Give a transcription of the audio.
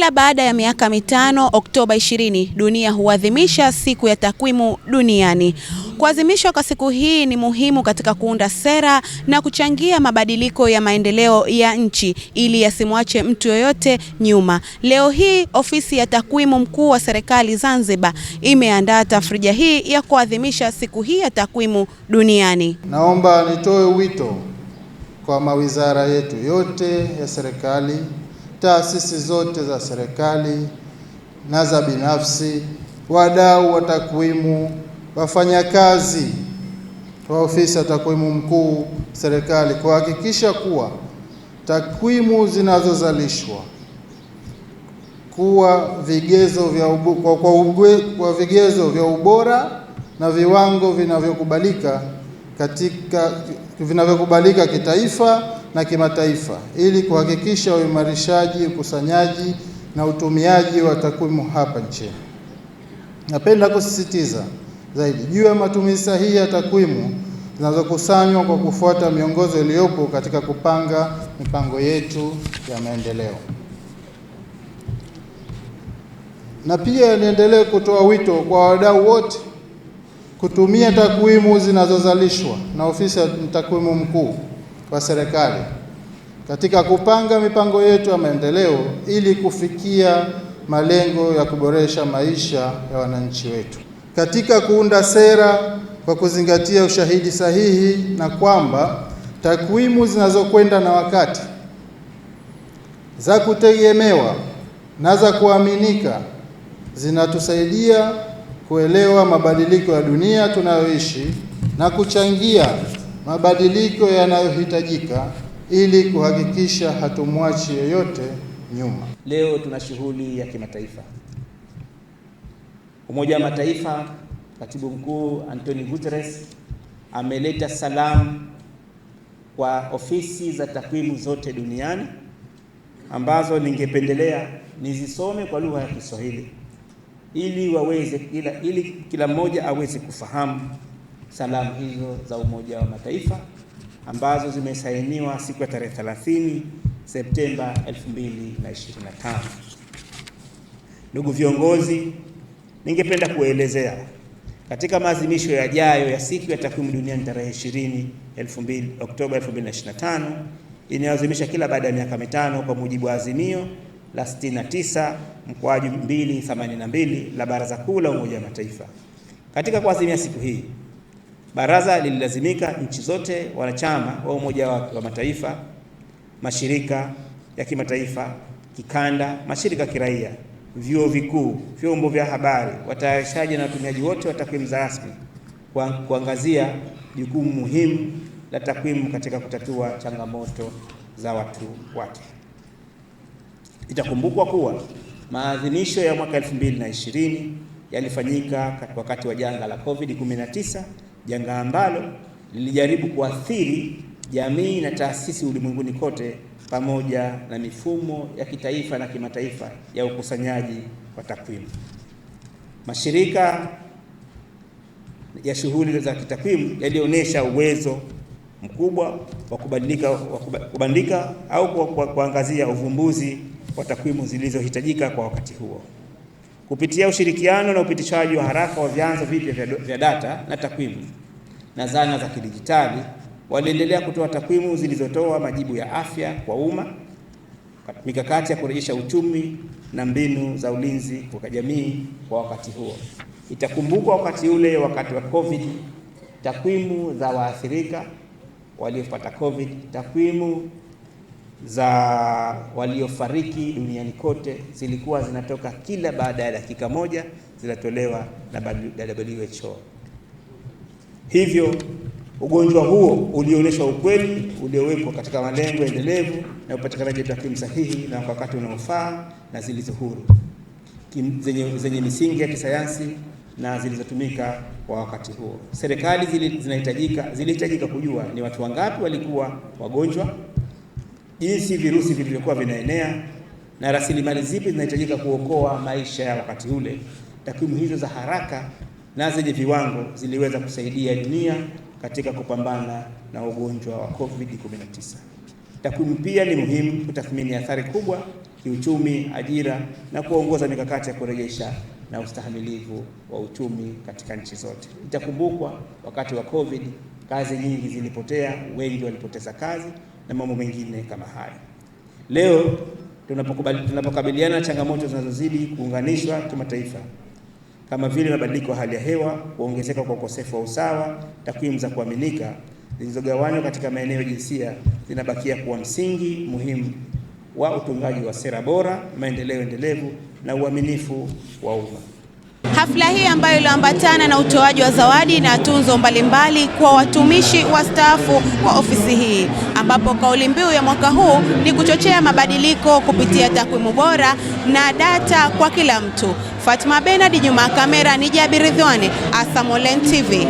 Kila baada ya miaka mitano, Oktoba 20 dunia huadhimisha siku ya takwimu duniani. Kuadhimishwa kwa siku hii ni muhimu katika kuunda sera na kuchangia mabadiliko ya maendeleo ya nchi ili yasimwache mtu yoyote nyuma. Leo hii ofisi ya takwimu mkuu wa serikali Zanzibar imeandaa tafrija hii ya kuadhimisha siku hii ya takwimu duniani. Naomba nitoe wito kwa mawizara yetu yote ya serikali taasisi zote za serikali na za binafsi, wadau wa takwimu, wafanyakazi wa ofisi ya takwimu mkuu serikali kuhakikisha kuwa takwimu zinazozalishwa kuwa vigezo vya ubu, kwa, kwa, ubwe, kwa vigezo vya ubora na viwango vinavyokubalika katika vinavyokubalika kitaifa na kimataifa ili kuhakikisha uimarishaji, ukusanyaji na utumiaji wa takwimu hapa nchini. Napenda kusisitiza zaidi juu ya matumizi sahihi ya takwimu zinazokusanywa kwa kufuata miongozo iliyopo katika kupanga mipango yetu ya maendeleo. Na pia niendelee kutoa wito kwa wadau wote kutumia takwimu zinazozalishwa na Ofisi ya Takwimu Mkuu kwa serikali katika kupanga mipango yetu ya maendeleo ili kufikia malengo ya kuboresha maisha ya wananchi wetu, katika kuunda sera kwa kuzingatia ushahidi sahihi na kwamba takwimu zinazokwenda na wakati, za kutegemewa na za kuaminika zinatusaidia kuelewa mabadiliko ya dunia tunayoishi na kuchangia mabadiliko yanayohitajika ili kuhakikisha hatumwachi yeyote nyuma. Leo tuna shughuli ya kimataifa. Umoja wa Mataifa, Katibu Mkuu Antonio Guterres ameleta salamu kwa ofisi za takwimu zote duniani ambazo ningependelea nizisome kwa lugha ya Kiswahili ili waweze, ili kila mmoja aweze kufahamu salamu hizo za Umoja wa Mataifa ambazo zimesainiwa siku ya tarehe 30 Septemba 2025. Ndugu viongozi, ningependa kuelezea katika maadhimisho yajayo ya siku ya takwimu duniani tarehe 20 Oktoba 2025 inayoadhimisha kila baada ya miaka mitano kwa mujibu wa azimio la 69 mkoaji 282 la Baraza Kuu la Umoja wa Mataifa. Katika kuadhimia siku hii Baraza lililazimika nchi zote wanachama wa Umoja wa Mataifa, mashirika ya kimataifa, kikanda, mashirika ya kiraia, vyuo vikuu, vyombo vya habari, watayarishaji na watumiaji wote wa takwimu za rasmi kuangazia jukumu muhimu la takwimu katika kutatua changamoto za watu wake. Itakumbukwa kuwa maadhimisho ya mwaka 2020 yalifanyika wakati wa janga la COVID-19 janga ambalo lilijaribu kuathiri jamii na taasisi ulimwenguni kote pamoja na mifumo ya kitaifa na kimataifa ya ukusanyaji wa takwimu. Mashirika ya shughuli za kitakwimu yalionyesha uwezo mkubwa wa wa kubandika au kuangazia uvumbuzi wa takwimu zilizohitajika kwa wakati huo kupitia ushirikiano na upitishaji wa haraka wa vyanzo vipya vya data na takwimu na zana za kidijitali, waliendelea kutoa takwimu zilizotoa majibu ya afya kwa umma, mikakati ya kurejesha uchumi na mbinu za ulinzi kwa jamii kwa wakati huo. Itakumbukwa wakati ule, wakati wa COVID, takwimu za waathirika waliopata COVID, takwimu za waliofariki duniani kote zilikuwa zinatoka kila baada ya dakika moja, zinatolewa na WHO. Hivyo ugonjwa huo ulioonyeshwa ukweli uliowekwa katika malengo endelevu na upatikanaji wa takwimu sahihi na wakati unaofaa na zilizo huru zenye, zenye misingi ya kisayansi na zilizotumika kwa wakati huo. Serikali zilihitajika zilihitajika kujua ni watu wangapi walikuwa wagonjwa jinsi virusi vilivyokuwa vinaenea na rasilimali zipi zinahitajika kuokoa maisha ya wakati ule. Takwimu hizo za haraka na zenye viwango ziliweza kusaidia dunia katika kupambana na ugonjwa wa COVID-19. Takwimu pia ni muhimu kutathmini athari kubwa kiuchumi, ajira na kuongoza mikakati ya kurejesha na ustahimilivu wa uchumi katika nchi zote. Itakumbukwa wakati wa COVID kazi nyingi zilipotea, wengi walipoteza kazi na mambo mengine kama hayo. Leo tunapokabiliana na changamoto zinazozidi kuunganishwa kimataifa kama vile mabadiliko ya hali ya hewa, kuongezeka kwa ukosefu wa usawa, takwimu za kuaminika zilizogawanywa katika maeneo ya jinsia zinabakia kuwa msingi muhimu wa utungaji wa sera bora, maendeleo endelevu na uaminifu wa umma. Hafla hii ambayo iliambatana na utoaji wa zawadi na tunzo mbalimbali kwa watumishi wastaafu wa ofisi hii ambapo kauli mbiu ya mwaka huu ni kuchochea mabadiliko kupitia takwimu bora na data kwa kila mtu. Fatma Benard, nyuma ya kamera ni Jabir Ridhwani, Asam Online TV.